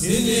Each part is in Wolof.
Sini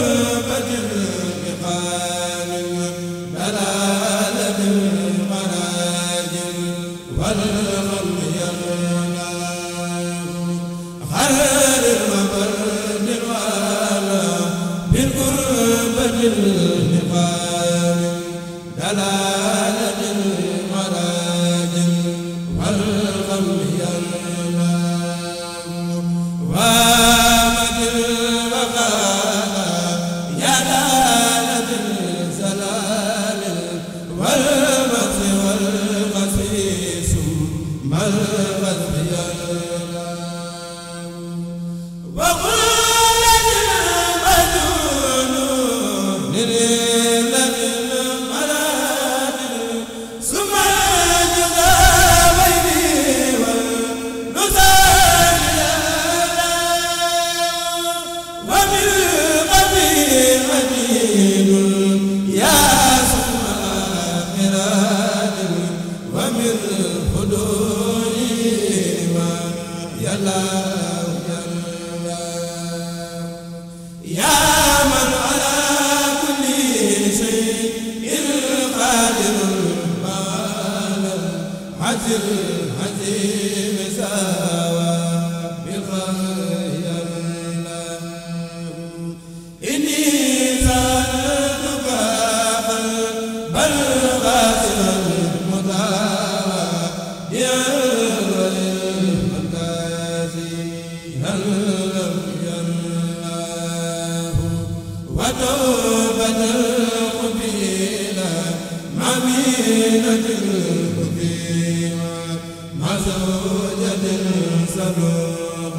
la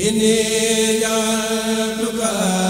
inni ja'altuka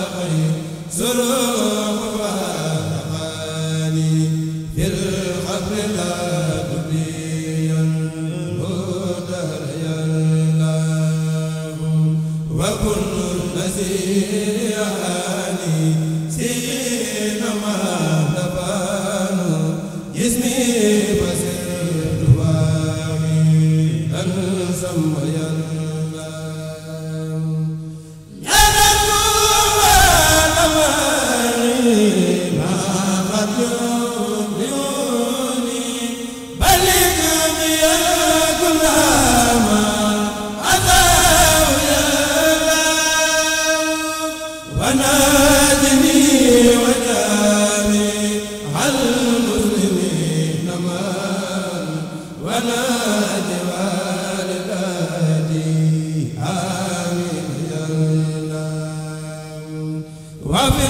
zoro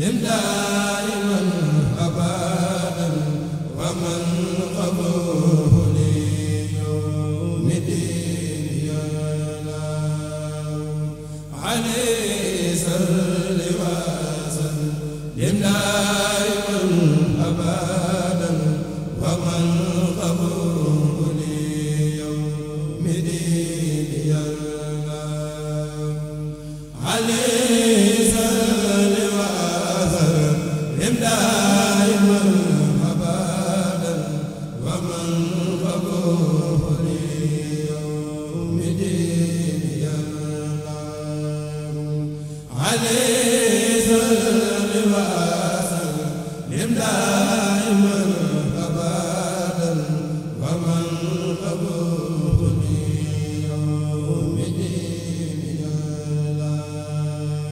yenda